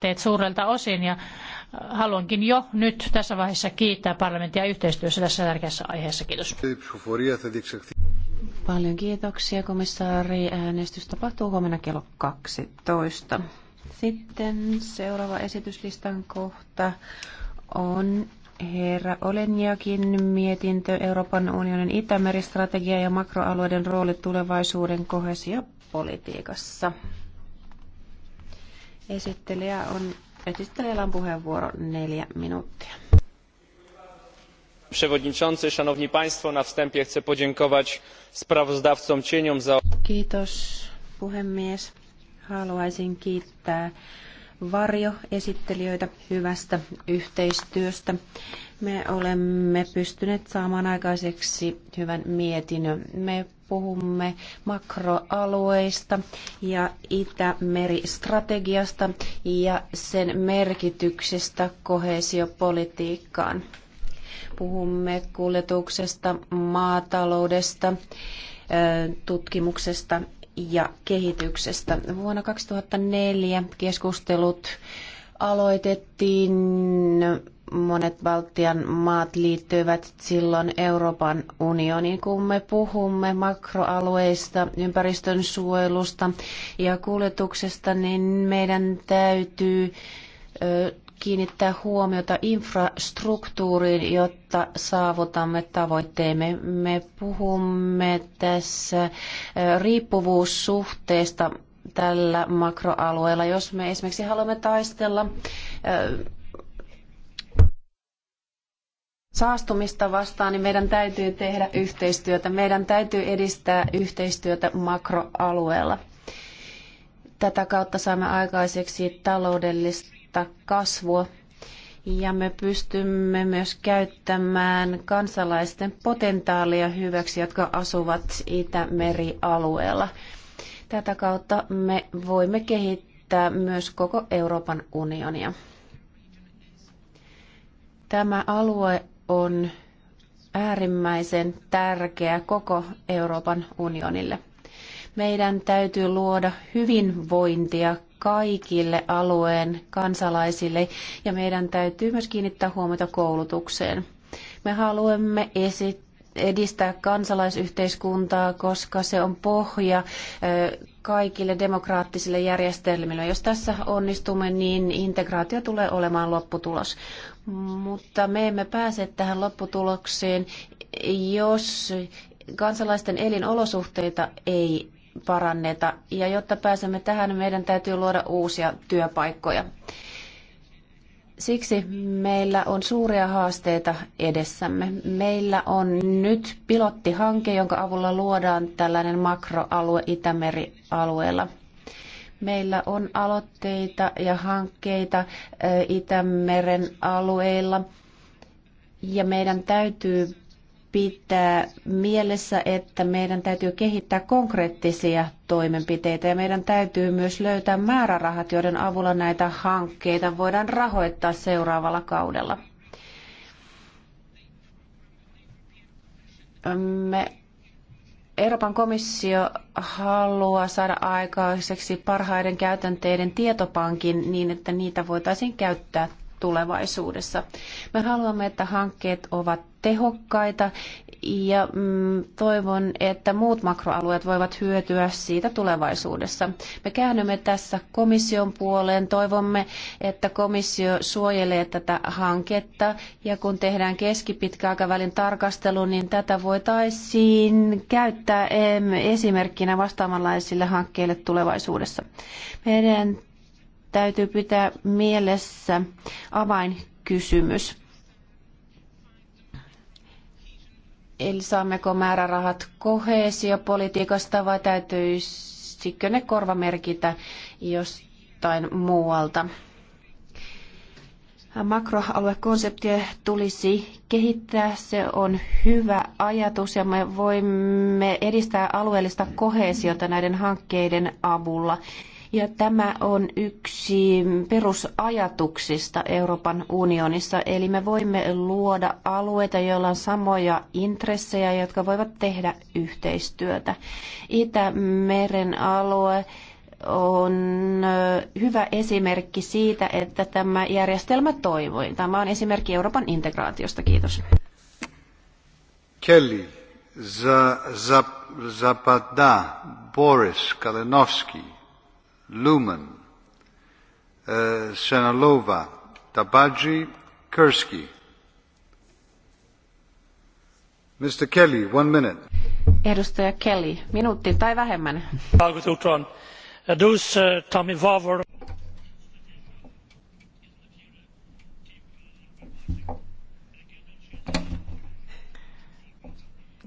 teet suurelta osin ja haluankin jo nyt tässä vaiheessa kiittää parlamenttia yhteistyössä tässä tärkeässä aiheessa. Kiitos. Paljon kiitoksia komissaari. Äänestys tapahtuu huomenna kello 12. Sitten seuraava esityslistan kohta on herra Olenjakin mietintö Euroopan unionin Itämeri-strategia ja makroalueiden rooli tulevaisuuden kohesiopolitiikassa. Esittelijä on, esittelijällä on puheenvuoro neljä minuuttia. Przewodniczący, Szanowni Państwo, na wstępie chcę podziękować sprawozdawcom cieniom za... Kiitos puhemies. Haluaisin kiittää varjoesittelijöitä hyvästä yhteistyöstä. Me olemme pystyneet saamaan aikaiseksi hyvän mietinnön. Me puhumme makroalueista ja Itämeri-strategiasta ja sen merkityksestä kohesiopolitiikkaan. Puhumme kuljetuksesta, maataloudesta, tutkimuksesta ja kehityksestä. Vuonna 2004 keskustelut aloitettiin monet Baltian maat liittyivät silloin Euroopan unioniin, kun me puhumme makroalueista, ympäristön suojelusta ja kuljetuksesta, niin meidän täytyy kiinnittää huomiota infrastruktuuriin, jotta saavutamme tavoitteemme. Me puhumme tässä riippuvuussuhteesta tällä makroalueella. Jos me esimerkiksi haluamme taistella saastumista vastaan, niin meidän täytyy tehdä yhteistyötä. Meidän täytyy edistää yhteistyötä makroalueella. Tätä kautta saamme aikaiseksi taloudellista kasvua ja me pystymme myös käyttämään kansalaisten potentiaalia hyväksi, jotka asuvat Itämerialueella. Tätä kautta me voimme kehittää myös koko Euroopan unionia. Tämä alue on äärimmäisen tärkeä koko Euroopan unionille. Meidän täytyy luoda hyvinvointia kaikille alueen kansalaisille ja meidän täytyy myös kiinnittää huomiota koulutukseen. Me haluamme esittää edistää kansalaisyhteiskuntaa, koska se on pohja kaikille demokraattisille järjestelmille. Jos tässä onnistumme, niin integraatio tulee olemaan lopputulos. Mutta me emme pääse tähän lopputulokseen, jos kansalaisten elinolosuhteita ei paranneta. Ja jotta pääsemme tähän, meidän täytyy luoda uusia työpaikkoja. Siksi meillä on suuria haasteita edessämme. Meillä on nyt pilottihanke, jonka avulla luodaan tällainen makroalue Itämeri-alueella. Meillä on aloitteita ja hankkeita Itämeren alueilla ja meidän täytyy pitää mielessä, että meidän täytyy kehittää konkreettisia toimenpiteitä ja meidän täytyy myös löytää määrärahat, joiden avulla näitä hankkeita voidaan rahoittaa seuraavalla kaudella. Me Euroopan komissio haluaa saada aikaiseksi parhaiden käytänteiden tietopankin niin, että niitä voitaisiin käyttää tulevaisuudessa. Me haluamme, että hankkeet ovat tehokkaita ja mm, toivon, että muut makroalueet voivat hyötyä siitä tulevaisuudessa. Me käännymme tässä komission puoleen. Toivomme, että komissio suojelee tätä hanketta ja kun tehdään keskipitkäaikavälin tarkastelu, niin tätä voitaisiin käyttää esimerkkinä vastaavanlaisille hankkeille tulevaisuudessa. Meidän täytyy pitää mielessä avainkysymys. Eli saammeko määrärahat koheesiopolitiikasta vai täytyisikö ne korvamerkitä jostain muualta? Makroaluekonseptia tulisi kehittää, se on hyvä ajatus ja me voimme edistää alueellista koheesiota näiden hankkeiden avulla. Ja tämä on yksi perusajatuksista Euroopan unionissa. Eli me voimme luoda alueita, joilla on samoja intressejä, jotka voivat tehdä yhteistyötä. Itämeren alue on hyvä esimerkki siitä, että tämä järjestelmä toivoi. Tämä on esimerkki Euroopan integraatiosta. Kiitos. Kelly, Zapada, Boris, Kalinowski. Lumen, eh, Senalova, Tabaji, Kursky. Mr. Kelly, one minute. Edustaja Kelly, minuutti tai vähemmän.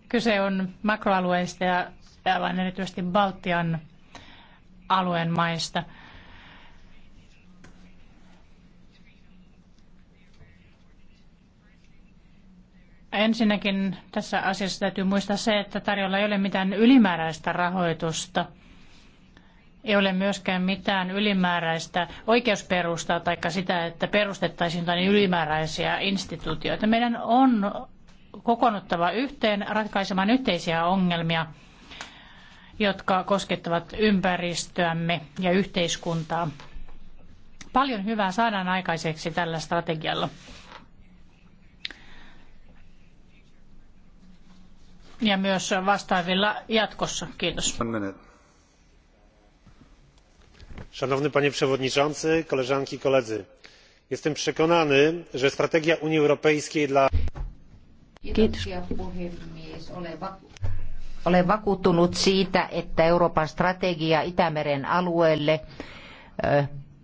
Kyse on makroalueista ja aivan erityisesti Baltian alueen maista. Ensinnäkin tässä asiassa täytyy muistaa se, että tarjolla ei ole mitään ylimääräistä rahoitusta. Ei ole myöskään mitään ylimääräistä oikeusperustaa tai sitä, että perustettaisiin jotain ylimääräisiä instituutioita. Meidän on kokoonnuttava yhteen ratkaisemaan yhteisiä ongelmia – jotka koskettavat ympäristöämme ja yhteiskuntaa. Paljon hyvää saadaan aikaiseksi tällä strategialla. Ja myös vastaavilla jatkossa. Kiitos. Szanowny panie przewodniczący, koleżanki i koledzy. Jestem przekonany, że strategia Unii Europejskiej dla Kiitos. Olen vakuuttunut siitä, että Euroopan strategia Itämeren alueelle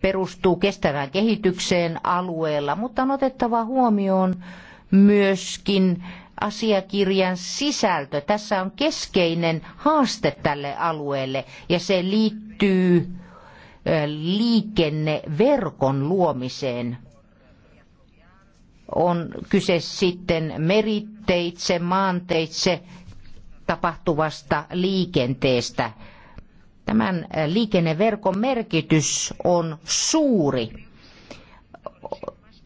perustuu kestävään kehitykseen alueella, mutta on otettava huomioon myöskin asiakirjan sisältö. Tässä on keskeinen haaste tälle alueelle ja se liittyy liikenneverkon luomiseen. On kyse sitten meriteitse, maanteitse tapahtuvasta liikenteestä. Tämän liikenneverkon merkitys on suuri.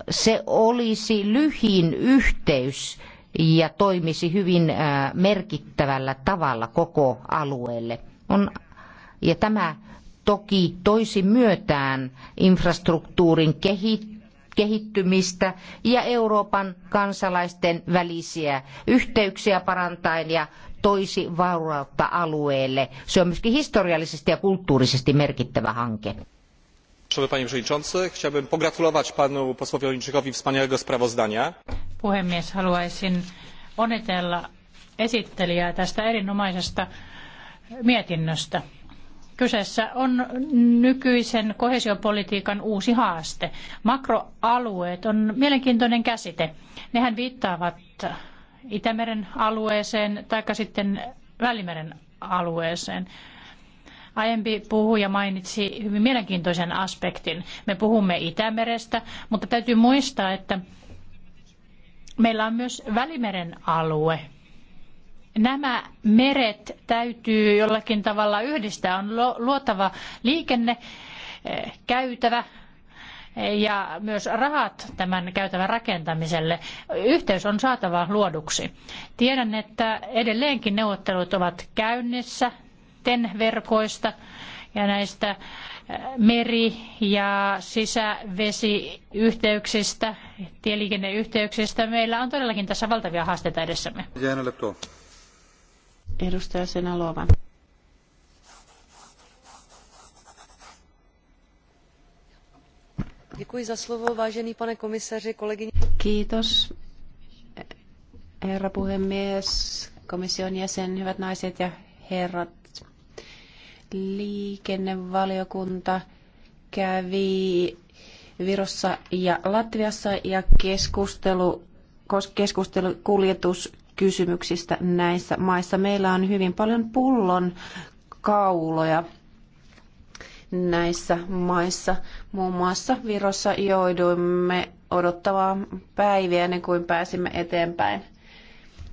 Se olisi lyhin yhteys ja toimisi hyvin merkittävällä tavalla koko alueelle. On, ja tämä toki toisi myötään infrastruktuurin kehittämistä kehittymistä ja Euroopan kansalaisten välisiä yhteyksiä parantaen ja toisi vaurautta alueelle. Se on myöskin historiallisesti ja kulttuurisesti merkittävä hanke. Panie Puhemies, haluaisin onnitella esittelijää tästä erinomaisesta mietinnöstä. Kyseessä on nykyisen kohesiopolitiikan uusi haaste. Makroalueet on mielenkiintoinen käsite. Nehän viittaavat Itämeren alueeseen tai sitten Välimeren alueeseen. Aiempi puhuja mainitsi hyvin mielenkiintoisen aspektin. Me puhumme Itämerestä, mutta täytyy muistaa, että meillä on myös Välimeren alue – nämä meret täytyy jollakin tavalla yhdistää. On luotava liikenne, eh, käytävä eh, ja myös rahat tämän käytävän rakentamiselle. Yhteys on saatava luoduksi. Tiedän, että edelleenkin neuvottelut ovat käynnissä TEN-verkoista ja näistä eh, meri- ja sisävesiyhteyksistä, tieliikenneyhteyksistä. Meillä on todellakin tässä valtavia haasteita edessämme. Edustaja Senalova. Děkuji za slovo, vážený pane komisaři, kolegyně. Kiitos, herra puhemies, komission jäsen, hyvät naiset ja herrat. Liikennevaliokunta kävi Virossa ja Latviassa ja keskustelu, keskustelu kuljetus kysymyksistä näissä maissa. Meillä on hyvin paljon pullon kauloja näissä maissa. Muun muassa Virossa jouduimme odottavaa päiviä ennen kuin pääsimme eteenpäin.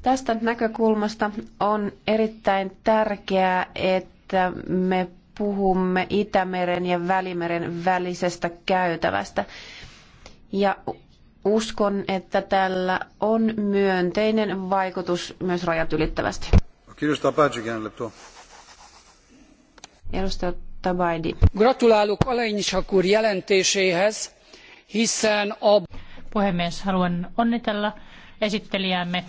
Tästä näkökulmasta on erittäin tärkeää, että me puhumme Itämeren ja Välimeren välisestä käytävästä. Ja uskon, että tällä on myönteinen vaikutus myös rajat ylittävästi. Edustaja Tabaidi. Gratulálok Alejnisak úr jelentéséhez, hiszen a... Puhemies, haluan onnitella esittelijäämme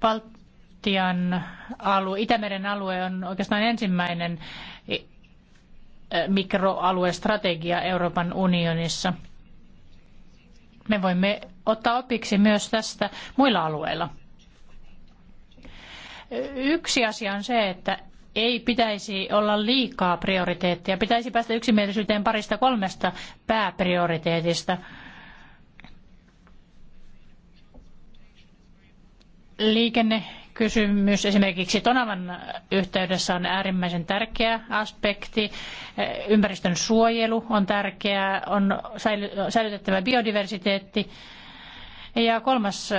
Baltian alue, Itämeren alue on oikeastaan ensimmäinen mikroaluestrategia Euroopan unionissa. Me voimme ottaa opiksi myös tästä muilla alueilla. Yksi asia on se, että ei pitäisi olla liikaa prioriteetteja. Pitäisi päästä yksimielisyyteen parista kolmesta pääprioriteetista. Liikenne, kysymys esimerkiksi Tonavan yhteydessä on äärimmäisen tärkeä aspekti. Ympäristön suojelu on tärkeää, on säilytettävä biodiversiteetti. Ja kolmas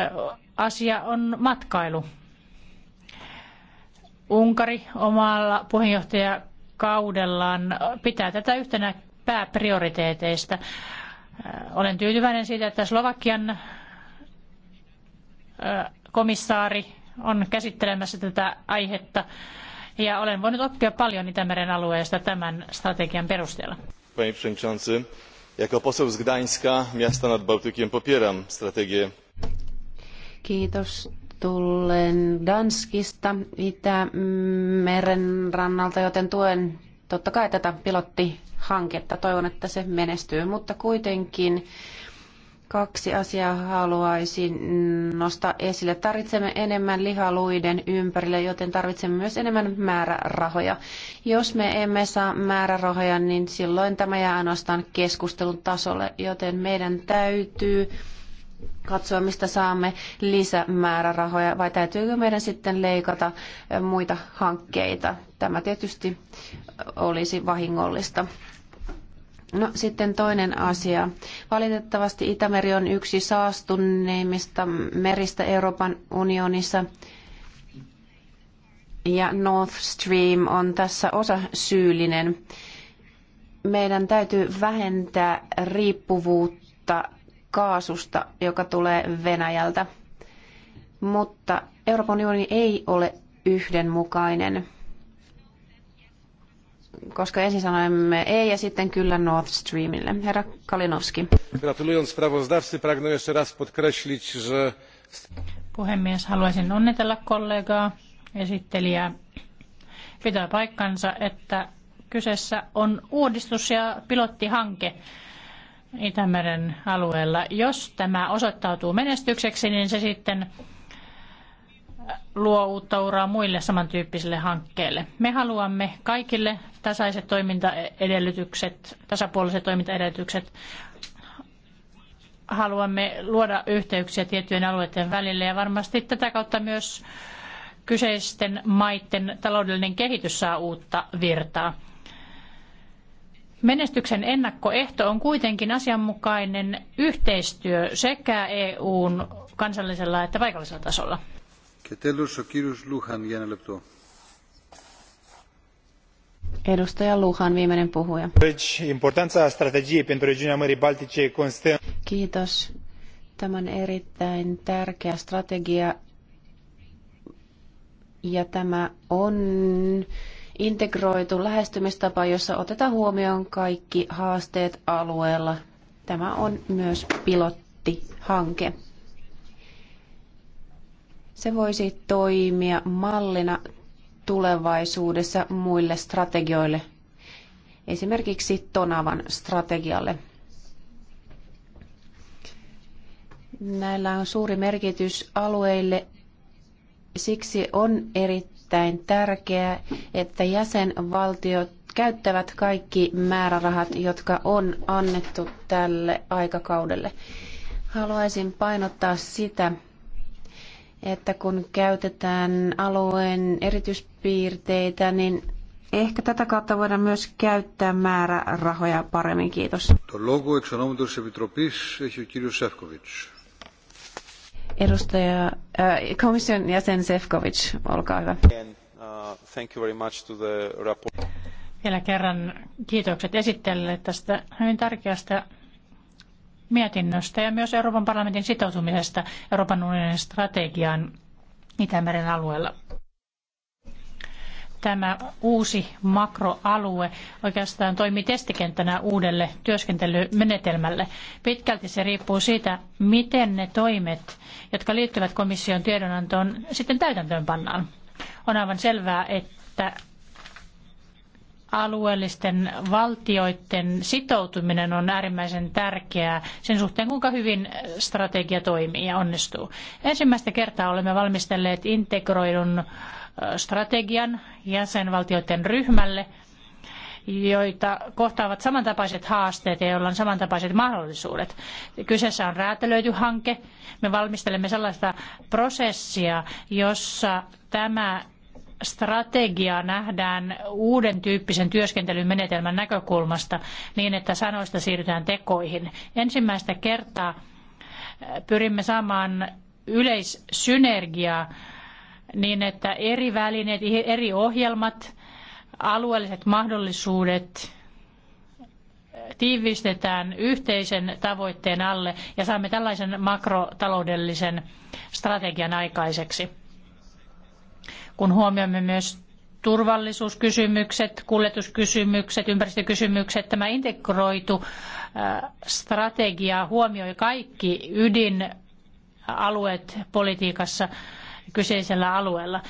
asia on matkailu. Unkari omalla puheenjohtajakaudellaan pitää tätä yhtenä pääprioriteeteista. Olen tyytyväinen siitä, että Slovakian komissaari on käsittelemässä tätä aihetta ja olen voinut oppia paljon Itämeren alueesta tämän strategian perusteella. Panie przewodniczący, jako poseł z Gdańska, miasta nad Bałtykiem, popieram strategię. Kiitos. Tulen Danskista Itämeren rannalta, joten tuen totta kai tätä pilottihanketta. Toivon, että se menestyy, mutta kuitenkin Kaksi asiaa haluaisin nostaa esille. Tarvitsemme enemmän lihaluiden ympärille, joten tarvitsemme myös enemmän määrärahoja. Jos me emme saa määrärahoja, niin silloin tämä jää ainoastaan keskustelun tasolle, joten meidän täytyy katsoa, mistä saamme lisämäärärahoja vai täytyykö meidän sitten leikata eh, muita hankkeita. Tämä tietysti olisi vahingollista. No sitten toinen asia. Valitettavasti Itämeri on yksi saastuneimmista meristä Euroopan unionissa. Ja North Stream on tässä osa syyllinen. Meidän täytyy vähentää riippuvuutta kaasusta, joka tulee Venäjältä. Mutta Euroopan unioni ei ole yhdenmukainen koska ensin sanoimme ei ja sitten kyllä Nord Streamille. Herra Kalinowski. Gratulując sprawozdawcy, pragnę jeszcze raz podkreślić, że... Puhemies, haluaisin onnitella kollegaa, esittelijää. Pitää paikkansa, että kyseessä on uudistus ja pilottihanke Itämeren alueella. Jos tämä osoittautuu menestykseksi, niin se sitten luo uutta uraa muille samantyyppisille hankkeille. Me haluamme kaikille tasaiset toimintaedellytykset, tasapuoliset toimintaedellytykset. Haluamme luoda yhteyksiä tiettyjen alueiden välille ja varmasti tätä kautta myös kyseisten maiden taloudellinen kehitys saa uutta virtaa. Menestyksen ennakkoehto on kuitenkin asianmukainen yhteistyö sekä EUn kansallisella että paikallisella tasolla. Και τέλος ο viimeinen puhuja. Importanța strategiei pentru regiunea Mării Baltice constă... Kiitos. Tämä on erittäin tärkeä strategia ja tämä on integroitu lähestymistapa, jossa otetaan huomioon kaikki haasteet alueella. Tämä on myös pilottihanke. Se voisi toimia mallina tulevaisuudessa muille strategioille, esimerkiksi Tonavan strategialle. Näillä on suuri merkitys alueille, siksi on erittäin tärkeää, että jäsenvaltiot käyttävät kaikki määrärahat, jotka on annettu tälle aikakaudelle. Haluaisin painottaa sitä, että kun käytetään alueen erityispiirteitä, niin ehkä tätä kautta voidaan myös käyttää määrärahoja paremmin. Kiitos. Edustaja, äh, komission jäsen Sefcovic, olkaa hyvä. Uh, Vielä kerran kiitokset esittelijälle tästä hyvin tärkeästä mietinnöstä ja myös Euroopan parlamentin sitoutumisesta Euroopan unionin strategiaan Itämeren alueella. Tämä uusi makroalue oikeastaan toimii testikenttänä uudelle työskentelymenetelmälle. Pitkälti se riippuu siitä, miten ne toimet, jotka liittyvät komission tiedonantoon, sitten täytäntöön pannaan. On aivan selvää, että alueellisten valtioiden sitoutuminen on äärimmäisen tärkeää sen suhteen, kuinka hyvin strategia toimii ja onnistuu. Ensimmäistä kertaa olemme valmistelleet integroidun strategian jäsenvaltioiden ryhmälle, joita kohtaavat samantapaiset haasteet ja joilla on samantapaiset mahdollisuudet. Kyseessä on räätälöity hanke. Me valmistelemme sellaista prosessia, jossa tämä strategia nähdään uuden tyyppisen työskentelymenetelmän näkökulmasta niin, että sanoista siirrytään tekoihin. Ensimmäistä kertaa äh, pyrimme saamaan yleissynergiaa niin, että eri välineet, eri ohjelmat, alueelliset mahdollisuudet äh, tiivistetään yhteisen tavoitteen alle ja saamme tällaisen makrotaloudellisen strategian aikaiseksi kun huomioimme myös turvallisuuskysymykset, kuljetuskysymykset, ympäristökysymykset. Tämä integroitu äh, strategia huomioi kaikki ydinalueet politiikassa kyseisellä alueella.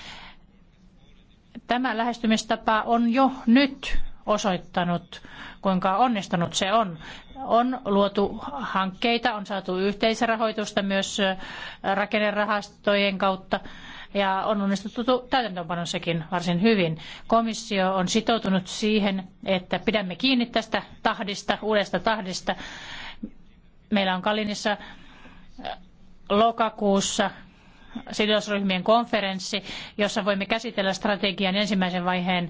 Tämä lähestymistapa on jo nyt osoittanut, kuinka onnistunut se on. On luotu hankkeita, on saatu yhteisrahoitusta myös äh, rakennerahastojen kautta ja on onnistuttu täytäntöönpanossakin varsin hyvin. Komissio on sitoutunut siihen, että pidämme kiinni tästä tahdista, uudesta tahdista. Meillä on Kalinissa äh, lokakuussa sidosryhmien konferenssi, jossa voimme käsitellä strategian ensimmäisen vaiheen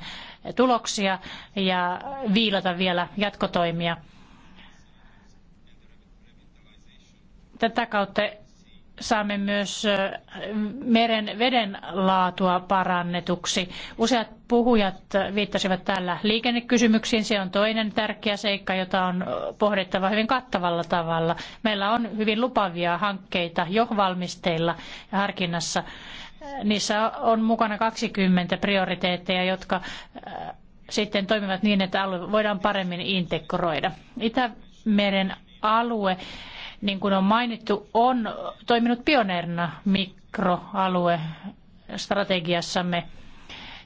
tuloksia ja viilata vielä jatkotoimia. Tätä kautta saamme myös meren veden laatua parannetuksi. Useat puhujat viittasivat täällä liikennekysymyksiin. Se on toinen tärkeä seikka, jota on pohdittava hyvin kattavalla tavalla. Meillä on hyvin lupavia hankkeita jo valmisteilla ja harkinnassa. Niissä on mukana 20 prioriteetteja, jotka sitten toimivat niin, että alue voidaan paremmin integroida. Itämeren alue niin kuin on mainittu, on toiminut pioneerina mikroaluestrategiassamme.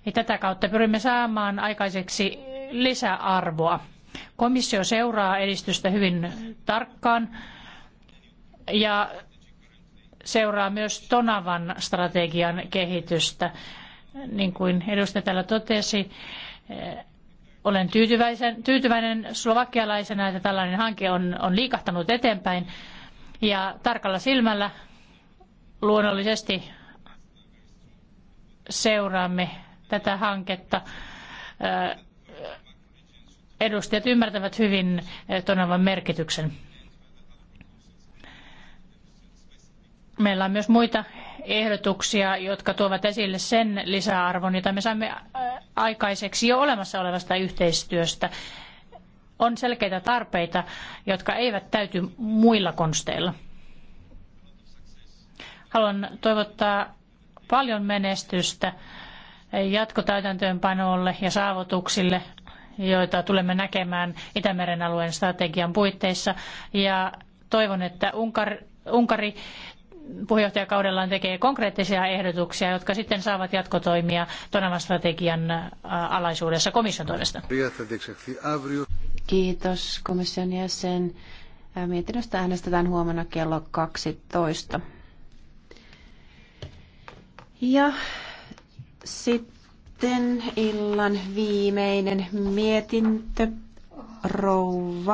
Ja tätä kautta pyrimme saamaan aikaiseksi lisäarvoa. Komissio seuraa edistystä hyvin tarkkaan ja seuraa myös Tonavan strategian kehitystä. Niin kuin edustaja täällä totesi, olen tyytyväisen, tyytyväinen slovakialaisena, että tällainen hanke on, on liikahtanut eteenpäin. Ja tarkalla silmällä luonnollisesti seuraamme tätä hanketta. Edustajat ymmärtävät hyvin Tonavan merkityksen. Meillä on myös muita ehdotuksia, jotka tuovat esille sen lisäarvon, jota me saamme äh, aikaiseksi jo olemassa olevasta yhteistyöstä. On selkeitä tarpeita, jotka eivät täyty muilla konsteilla. Haluan toivottaa paljon menestystä jatkotäytäntöönpanolle ja saavutuksille, joita tulemme näkemään Itämeren alueen strategian puitteissa. Ja toivon, että Unkar Unkari puheenjohtajakaudellaan tekee konkreettisia ehdotuksia, jotka sitten saavat jatkotoimia Tonavan strategian alaisuudessa komission toimesta. Kiitos komission jäsen. Mietinnöstä äänestetään huomenna kello 12. Ja sitten illan viimeinen mietintö, rouva